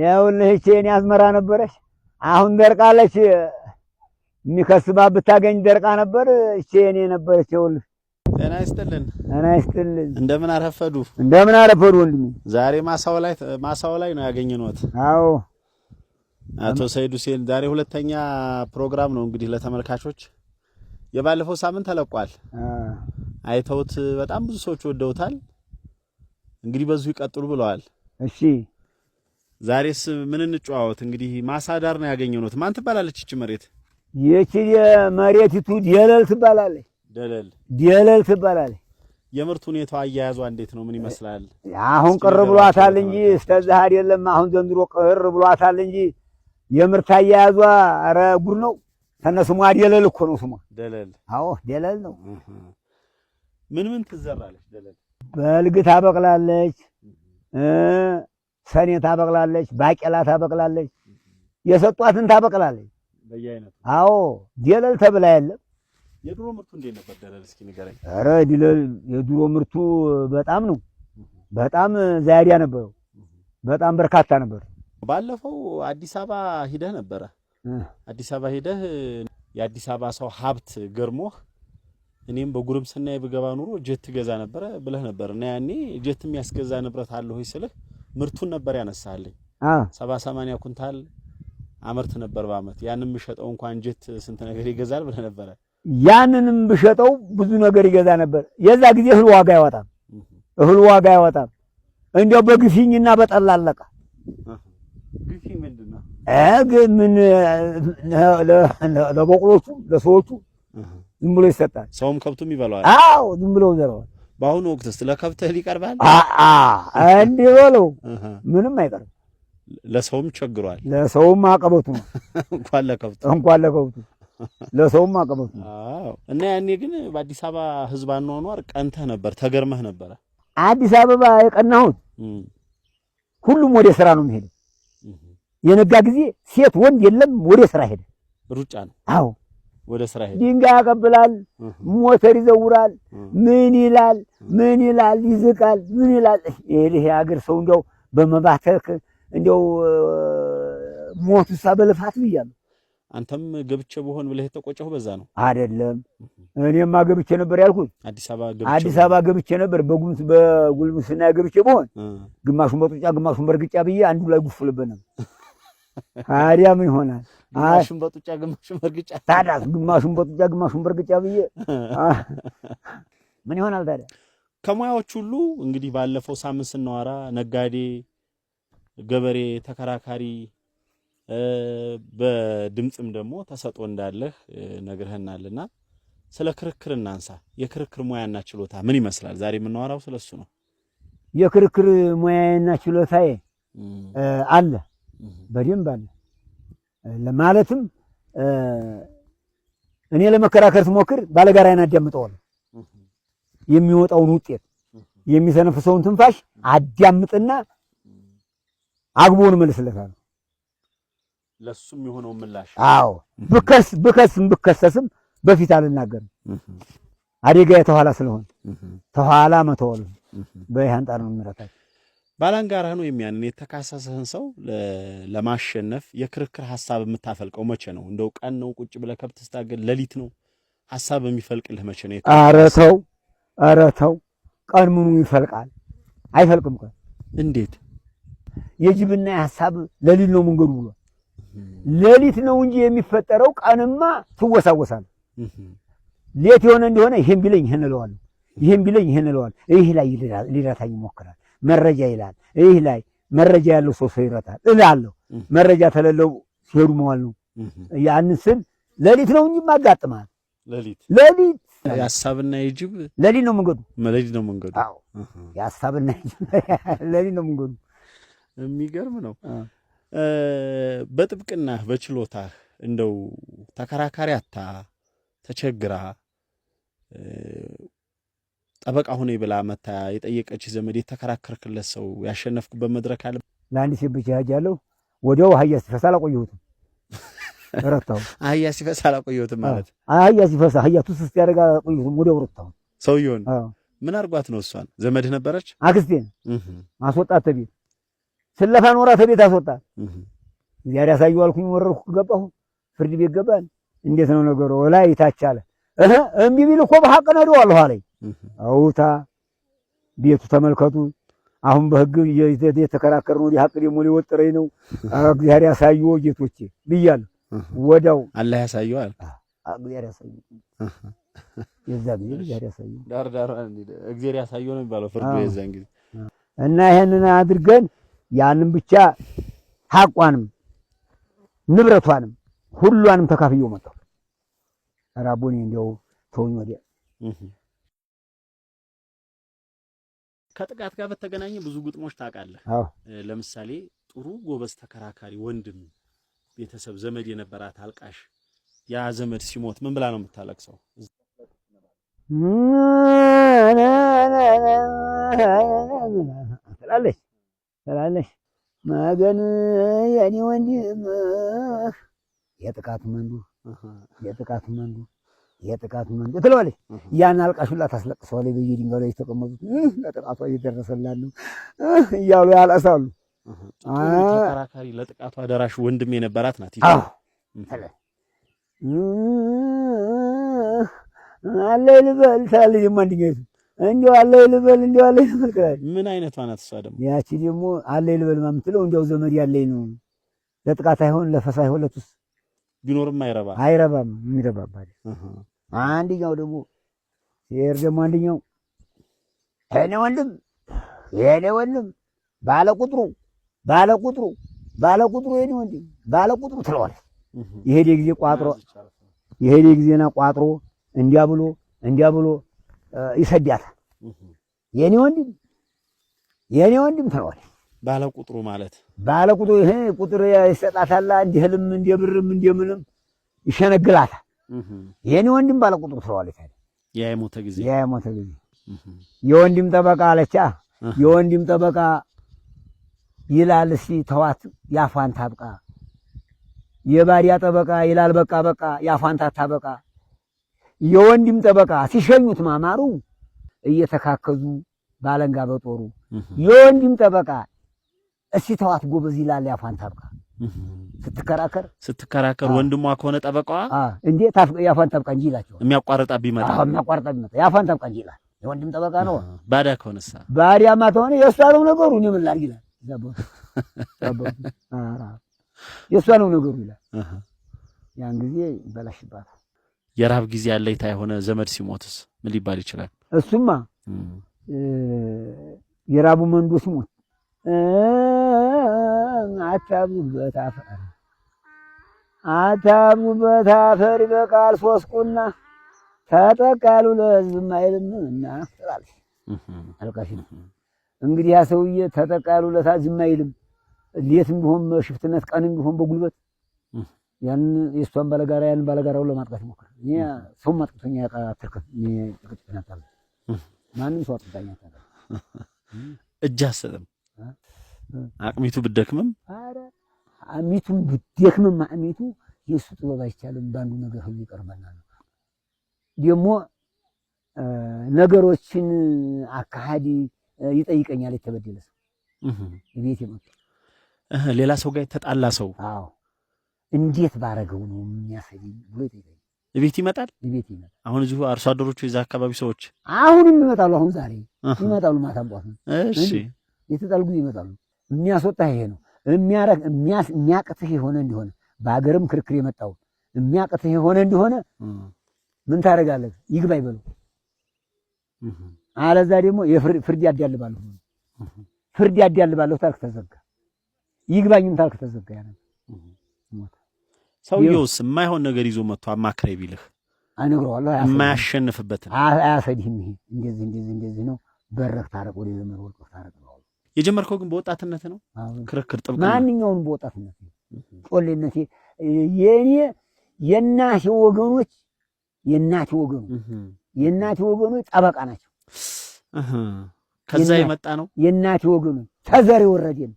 ይኸውልህ ይህች የእኔ አዝመራ ነበረች። አሁን ደርቃለች። የሚከስባት ብታገኝ ደርቃ ነበር። ይህች የእኔ ነበረች። ይኸውልህ ጤና ይስጥልን። ጤና ይስጥልን። እንደምን አረፈዱ? እንደምን አረፈዱ ወንድሜ። ዛሬ ማሳው ላይ ማሳው ላይ ነው ያገኘነዎት? አዎ። አቶ ሰይድ ሁሴን ዛሬ ሁለተኛ ፕሮግራም ነው እንግዲህ ለተመልካቾች የባለፈው ሳምንት ተለቋል። አይተውት በጣም ብዙ ሰዎች ወደውታል። እንግዲህ በዙ ይቀጥሉ ብለዋል። እሺ ዛሬስ ምን እንጨዋወት? እንግዲህ ማሳዳር ነው ያገኘነው። ማን ትባላለች እቺ መሬት? ይቺ መሬቲቱ ደለል ትባላለች። ደለል ደለል ትባላለች። የምርት ሁኔታዋ አያያዟ እንዴት ነው? ምን ይመስላል? አሁን ቅር ብሏታል እንጂ እስከዛ አይደለም። አሁን ዘንድሮ ቅር ብሏታል እንጂ የምርት አያያዟ ኧረ ጉድ ነው። ተነስሟ ደለል እኮ ነው ስሟ። ደለል አዎ፣ ደለል ነው። ምን ምን ትዘራለች ደለል? በልግ ታበቅላለች ሰኔ ታበቅላለች፣ ባቄላ ታበቅላለች፣ የሰጧትን ታበቅላለች። አዎ ደለል ተብላ የለም። የድሮ ምርቱ እንዴት ነበር ደለል? እስኪ ንገረኝ። ኧረ ደለል የድሮ ምርቱ በጣም ነው በጣም ዛያዲያ ነበረው። በጣም በርካታ ነበር። ባለፈው አዲስ አበባ ሂደህ ነበረ። አዲስ አበባ ሂደህ የአዲስ አበባ ሰው ሀብት ገርሞህ እኔም በጉርምስና ብገባ ኑሮ ጀት ገዛ ነበረ ብለህ ነበር እና ያኔ ጀት የሚያስገዛ ንብረት አለ ሆይ ስልህ ምርቱን ነበር ያነሳልኝ። ሰባ ሰማንያ ኩንታል አመርት ነበር በአመት ያንን የምሸጠው እንኳን እንጀት ስንት ነገር ይገዛል ብለህ ነበረ። ያንንም ብሸጠው ብዙ ነገር ይገዛ ነበር። የዛ ጊዜ እህል ዋጋ አይወጣም፣ እህል ዋጋ አይወጣም። እንዲያው በግፊኝና በጠላ አለቀ። ግፊኝ ምንድነው? ምን ለበቅሎቹ ለሰዎቹ ዝም ብሎ ይሰጣል። ሰውም ከብቱም ይበላዋል። አዎ ዝም ብሎ በአሁኑ ወቅት ስለ ከብትህ ይቀርባል እንዲህ በለው፣ ምንም አይቀርም። ለሰውም ቸግሯል። ለሰውም አቀበቱ ነው እንኳን ለከብቱ እንኳን ለከብቱ ለሰውም አቀበቱ ነው። እና ያኔ ግን በአዲስ አበባ ህዝብ አኗኗር ቀንተህ ነበር፣ ተገርመህ ነበረ። አዲስ አበባ የቀናሁት ሁሉም ወደ ስራ ነው የሚሄደው። የነጋ ጊዜ ሴት ወንድ የለም፣ ወደ ስራ ሄደ። ሩጫ ነው። አዎ ድንጋይ ያቀብላል፣ ሞተር ይዘውራል። ምን ይላል ምን ይላል ይዝቃል፣ ምን ይላል። ይህ የሀገር ሰው እንዲያው በመባተክ እንዲያው ሞቱ ሳ በልፋት ብያለሁ። አንተም ገብቼ በሆን ብለህ የተቆጨሁ በዛ ነው አይደለም? እኔማ ገብቼ ነበር ያልኩት። አዲስ አበባ ገብቼ ነበር በጉልምስ በጉልምስና ገብቼ በሆን ግማሹን በጡጫ ግማሹን በእርግጫ ብዬ አንዱ ላይ ጉፍልበት ነበር ታዲያ ምን ይሆናል? ግማሹን በጡጫ ግማሹን በርግጫ ታዲያ ግማሹን በጡጫ ግማሹን በርግጫ ብዬ ምን ይሆናል ታዲያ? ከሙያዎች ሁሉ እንግዲህ ባለፈው ሳምንት ስናወራ ነጋዴ፣ ገበሬ፣ ተከራካሪ በድምፅም ደግሞ ተሰጦ እንዳለህ ነግረህናልና ስለ ክርክር እናንሳ። የክርክር ሙያና ችሎታ ምን ይመስላል? ዛሬ የምናወራው ስለሱ ነው። የክርክር ሙያና ችሎታዬ አለ በደንብ አለ። ማለትም እኔ ለመከራከር ስሞክር ባለጋራዬን አዳምጠዋለሁ። የሚወጣውን ውጤት የሚሰነፍሰውን ትንፋሽ አዳምጥና አግቦን መልስለታል። ለሱም የሆነው ምላሽ አዎ፣ ብከስ ብከስም ብከሰስም በፊት አልናገርም። አደጋ የተኋላ ስለሆነ ተኋላ መተወል በይህ አንጣር ነው ምረታቸው ባላንጋራ ነው የሚያንን የተካሰሰህን ሰው ለማሸነፍ የክርክር ሀሳብ የምታፈልቀው መቼ ነው? እንደው ቀን ነው ቁጭ ብለህ ከብት ስታገል ሌሊት ነው ሀሳብ የሚፈልቅልህ መቼ ነው? ኧረ ተው፣ ኧረ ተው። ቀን ምኑ ይፈልቃል? አይፈልቅም። ቀን እንዴት የጅብና የሀሳብ ሌሊት ነው መንገዱ ብሎ ሌሊት ነው እንጂ የሚፈጠረው ቀንማ ትወሳወሳል። ሌት የሆነ እንደሆነ ይሄን ቢለኝ ይሄን እለዋለሁ፣ ይሄን ቢለኝ ይሄን እለዋለሁ፣ ይሄ ላይ ሊራታኝ ይሞክራል መረጃ ይላል። ይህ ላይ መረጃ ያለው ሰው ሰው ይረታል እላለሁ። መረጃ ተለለው ሲሄዱ መዋል ነው። ያንን ስል ሌሊት ነው እንጂ ማጋጥማል። ሌሊት ሌሊት የሀሳብና የጅብ ሌሊት ነው መንገዱ፣ ሌሊት ነው መንገዱ። አዎ የሀሳብና የጅብ ሌሊት ነው መንገዱ። የሚገርም ነው። በጥብቅና በችሎታህ እንደው ተከራካሪ አታ ተቸግራ ጠበቃ ሁኔ ብላ መታ የጠየቀች ዘመድ የተከራከርክለት ሰው ያሸነፍኩበት መድረክ አለ። ለአንድ ሴት ብቻ ያጅ ያለው ወዲያው አህያ ሲፈሳ አላቆየሁትም፣ ረታሁ። አህያ ሲፈሳ አላቆየሁትም ማለት አህያ ሲፈሳ አህያ ቱስ ውስጥ ያደረጋ አላቆየሁትም፣ ወዲያው ረታሁ። ሰውየውን ምን አድርጓት ነው? እሷን ዘመድህ ነበረች። አክስቴን አስወጣት ተቤት ስለፋ ኖራ ተቤት አስወጣት። እግዚአብሔር ያሳየው አልኩኝ። ወረርኩ ገባሁ፣ ፍርድ ቤት ገባን። እንዴት ነው ነገሩ? ላይ ታች አለ። እምቢ ቢል እኮ በሐቅ ነዶ አለኋ ላይ አውታ ቤቱ ተመልከቱ። አሁን በህግ እየተከራከር ነው። ሀቅ ደግሞ ሊወጥረኝ ነው። እግዚአብሔር ያሳዩ ጌቶቼ ብያለሁ። ወዳው አላህ ያሳየዋል። እግዚአብሔር ያሳዩ የዛ ጊዜ እግዚአብሔር ያሳዩ ዳር ዳር እግዚአብሔር ያሳዩ ነው የሚባለው ፍርዱ የዛን ጊዜ እና ይሄንን አድርገን ያንን ብቻ ሀቋንም ንብረቷንም ሁሏንም ተካፍየው መጣሁ። ራቦኔ እንደው ተወኝ ወዲያ ከጥቃት ጋር በተገናኘ ብዙ ግጥሞች ታውቃለህ። ለምሳሌ ጥሩ ጎበዝ ተከራካሪ ወንድም፣ ቤተሰብ፣ ዘመድ የነበራት አልቃሽ፣ ያ ዘመድ ሲሞት ምን ብላ ነው የምታለቅሰው? ትላለች ትላለች ማገን የኔ ወንድም የጥቃት መንዱ የጥቃት መንዱ የጥቃቱ መንገድ ትለዋለች። ያን አልቃሹላ ታስለቅሰዋለች። በየድንጋዩ ላይ የተቀመጡት ለጥቃቷ እየደረሰላሉ እያሉ ያለቅሳሉ። ተከራካሪ ለጥቃቷ ደራሽ ወንድም የነበራት ናት። አለ ልበል ትላለች። የማንድኛቱ እንዲያው አለ ልበል እንዲያው አለ ልበል ትላለች። ምን አይነቷ ናት እሷ ደግሞ? ያቺ ደግሞ አለ ልበል የምትለው እንዲያው ዘመድ ያለኝ ነው ለጥቃት አይሆን ለፈሳ አይሆን ለቱስ ቢኖርም አይረባ አይረባም የሚረባባት አንድኛው ደግሞ ሲሄድ ደግሞ አንድኛው እኔ ወንድም የኔ ወንድም ባለ ቁጥሩ ባለ ቁጥሩ ባለ ቁጥሩ የኔ ወንድም ባለ ቁጥሩ ትለዋል። የሄደ ጊዜ ቋጥሮ የሄደ ጊዜና ቋጥሮ እንዲያ ብሎ እንዲያ ብሎ ይሰዳታል። የኔ ወንድም የኔ ወንድም ትለዋል። ባለ ቁጥሩ ማለት ባለ ቁጥሩ ይሄ ቁጥር ይሰጣታል። እንደ ህልም እንደ ብርም እንደ ምንም ይሸነግላታል። የኔ ወንድም ባለ ቁጥሩ ትለዋለች። የሞተ ጊዜ የሞተ ጊዜ የወንድም ጠበቃ አለቻ። የወንድም ጠበቃ ይላል እስቲ ተዋት ያፏን ታብቃ። የባሪያ ጠበቃ ይላል በቃ በቃ ያፏን ታታበቃ። የወንድም ጠበቃ ሲሸኙት ማማሩ እየተካከዙ ባለንጋ በጦሩ የወንድም ጠበቃ እስቲ ተዋት ጎበዝ ይላል ያፋንታብቃ ስትከራከር ስትከራከር ወንድሟ ከሆነ ጠበቃዋ እንዴት ያፋንታብቃ እንጂ ይላቸዋል። የሚያቋርጣ ቢመጣ የሚያቋርጣ ቢመጣ ያፋንታብቃ እንጂ ይላል። የወንድም ጠበቃ ነው። ባዳ ከሆነሳ ባዳማ ተሆነ የእሷ ነው ነገሩ እኔ ምን ላድርግ ይላል። የእሷ ነው ነገሩ ይላል። ያን ጊዜ ይበላሽባታል። የራብ ጊዜ ያለይታ የሆነ ዘመድ ሲሞትስ ምን ሊባል ይችላል? እሱማ የራቡ መንዶ ሲሞት አታብዙበት አፈር አታብዙበት አፈር ይበቃል ሶስቁና ተጠቃሉ ለህዝብ ማይልም እና ትላለች አልቃሽ። እንግዲህ ያ ሰውዬ ተጠቃሉ ለታዝም ማይልም ሌትም ቢሆን ሽፍትነት፣ ቀንም ቢሆን በጉልበት ያን የእሷን ባለጋራ ያን ባለጋራውን ለማጥቃት ይሞክራል። እኔ ሰውም አጥቅቶኛ ያቃ ትርከት ጭቅጭቅ ናታለ ማንም ሰው አጥቅጣኛ ታለ እጅ አሰጥም አቅሚቱ ብደክምም አቅሚቱም ብደክምም አቅሚቱ የእሱ ጥበብ አይቻልም። በአንዱ ነገር ሁሉ ይቀርበና ነው ደግሞ ነገሮችን አካሃዲ ይጠይቀኛል። የተበደለ ሰው ቤት የመጡ ሌላ ሰው ጋር የተጣላ ሰው አዎ እንዴት ባረገው ነው የሚያሰኝ ብሎ ይጠይቀኛል። ቤት ይመጣል፣ ቤት ይመጣል። አሁን እዚሁ አርሶ አደሮቹ የዛ አካባቢ ሰዎች አሁንም ይመጣሉ። አሁን ዛሬ ይመጣሉ፣ ማታ ቧት ነው እሺ፣ የተጣሉ ጊዜ ይመጣሉ። የሚያስወጣ ይሄ ነው የሚያረግ የሚያቅትህ የሆነ እንዲሆነ በሀገርም ክርክር የመጣው የሚያቅትህ የሆነ እንዲሆነ ምን ታደርጋለህ? ይግባ ይበሉ። አለዛ ደግሞ ፍርድ ያዳልባለሁ ፍርድ ያዳልባለሁ ታልክ ተዘጋ። ይግባኝም ታልክ ተዘጋ። ያለ ሰውየውስ የማይሆን ነገር ይዞ መጥቶ አማክሬ ቢልህ እነግረዋለሁ። የማያሸንፍበትን አያሰድህም። ይሄ እንደዚህ እንደዚህ እንደዚህ ነው። በረክ ታረቅ ወደ ዘመድ ወልቆ ታረቅ ነው። የጀመርከው ግን በወጣትነት ነው። ክርክር ጥብቅ ማንኛውም በወጣትነት ነው። ጮሌነት የኔ የእናቴ ወገኖች የእናቴ ወገኖች የእናቴ ወገኖች ጠበቃ ናቸው። ከዛ የመጣ ነው። የእናቴ ወገኖች ተዘር ወረዴ ነው።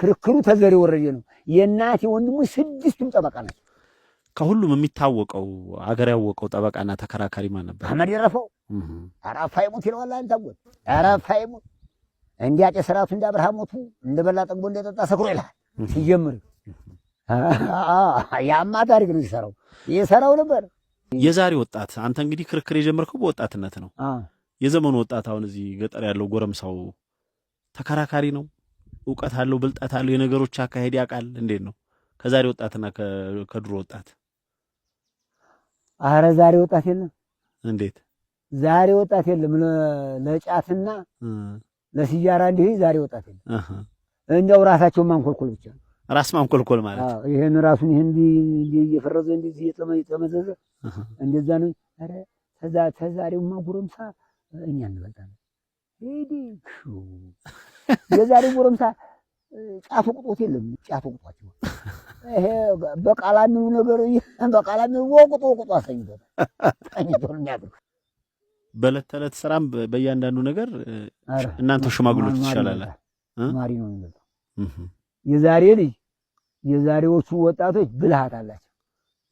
ክርክሩ ተዘር ወረዴ ነው። የእናቴ ወንድሞች ስድስቱም ጠበቃ ናቸው። ከሁሉም የሚታወቀው አገር ያወቀው ጠበቃና ተከራካሪ ማን ነበር? አመድ የረፈው ኧረ አፋ ይለዋል። አንተ ጎል ኧረ እንደ አጤ ስርዓቱ እንደ አብርሃም ሞቱ እንደበላ ጠግቦ እንደጠጣ ሰክሮ ይላል ሲጀምር ያማ ታሪክ ነው ሲሰራው ይሰራው ነበር። የዛሬ ወጣት አንተ እንግዲህ ክርክር የጀመርከው በወጣትነት ነው። የዘመኑ ወጣት አሁን እዚህ ገጠር ያለው ጎረምሳው ተከራካሪ ነው፣ እውቀት አለው፣ ብልጠት አለው፣ የነገሮች አካሄድ ያውቃል። እንዴት ነው ከዛሬ ወጣትና ከድሮ ወጣት? አረ ዛሬ ወጣት የለም። እንዴት ዛሬ ወጣት የለም ለጫትና ለሲጃራ እንዲህ ዛሬ ወጣት እንደው ራሳቸው ማንኮልኮል ብቻ ነው። ራስ ማንኮልኮል ማለት አዎ፣ ይሄን ራሱን ይሄን እንዲህ እየፈረዘ እንዲህ እየጠመዘዘ እንደዛ ነው። አረ ተዛ ተዛሬውማ ጎረምሳ እኛ እንበልጣለን። ሂዲ የዛሬው ጉረምሳ ጫፉ ቁጦት የለም ጫፉ ቁጦት ይሄ በቃላ ምኑ ነገር በቃላ ምኑ ወቁጦ ቁጦ አሰኝቶታል። ቀኝቶን የሚያብሩ በዕለት ተዕለት ስራም በእያንዳንዱ ነገር እናንተ ሽማግሎች ትሻላለ። ማሪ ነው የሚለው የዛሬ ልጅ የዛሬዎቹ ወጣቶች ብልሃት አላቸው።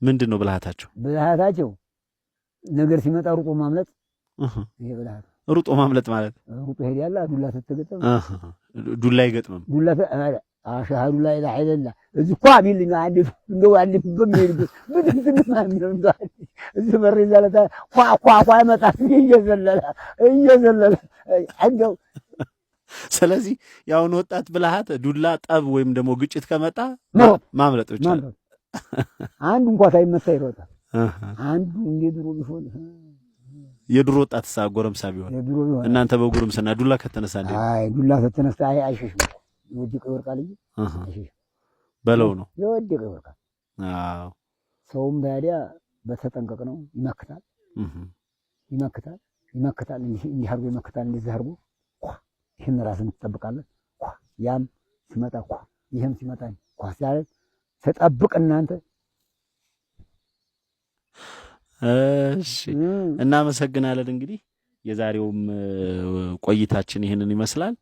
ምንድን ነው ብልሃታቸው? ብልሃታቸው ነገር ሲመጣ ሩጦ ማምለጥ። ይሄ ብልሃት ሩጦ ማምለጥ ማለት ሩጦ ሄድ ያለ ዱላ ስትገጥም ዱላ አይገጥምም። ዱላ አሻሃዱ ላይ ላይለላ እዚ ኳ እኮ አሚልኝ አንዴ እንደው አንዴ በሚሄድበት ምንም ምንም አሚልኝ እዚህ በር ዘለለ ኳ ኳ ኳ ይመጣል እየዘለለ እየዘለለ እንደው ስለዚህ የአሁኑ ወጣት ብልሃት ዱላ ጠብ ወይም ደግሞ ግጭት ከመጣ ማምለጥ ብቻ አንዱ እንኳ ሳይመታ ይሮጣል። አንዱ እንደ ድሮ ቢሆን የድሮ ወጣት ሳ ጎረምሳ ቢሆን እናንተ በጉርምስና ዱላ ከተነሳ አይ ዱላ ከተነሳ አይ አይሸሽም። የወደቀ ይወርቃል እንጂ በለው ነው የወደቀ ይወርቃል። አዎ ሰውም ታዲያ በተጠንቀቅ ነው ይመክታል፣ ይመክታል፣ ይመክታል፣ እንዲህ አድርጎ ይመክታል፣ እንደዚህ አድርጎ ይህን ራስን ትጠብቃለህ። ያም ሲመጣ ኳ ይህም ሲመጣ ኳ ሲያለት ተጠብቅ እናንተ እሺ እናመሰግናለን። እንግዲህ የዛሬውም ቆይታችን ይህንን ይመስላል።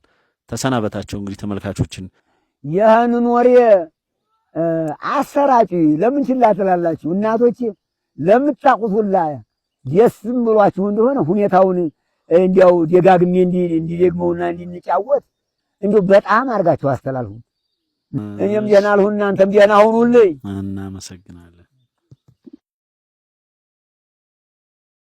ተሰናበታቸው። እንግዲህ ተመልካቾችን ይህንን ወሬ አሰራጭ ለምን ችላ ትላላችሁ እናቶቼ? ለምታውቁት ሁላ ደስም ብሏችሁ እንደሆነ ሁኔታውን እንዲያው ደጋግሜ እንዲደግመውና እንዲንጫወት እንዲሁ በጣም አድርጋችሁ አስተላልፉ። እኔም ደህና አልሁ፣ እናንተም ደህና ሁኑልኝ። እናመሰግናለን።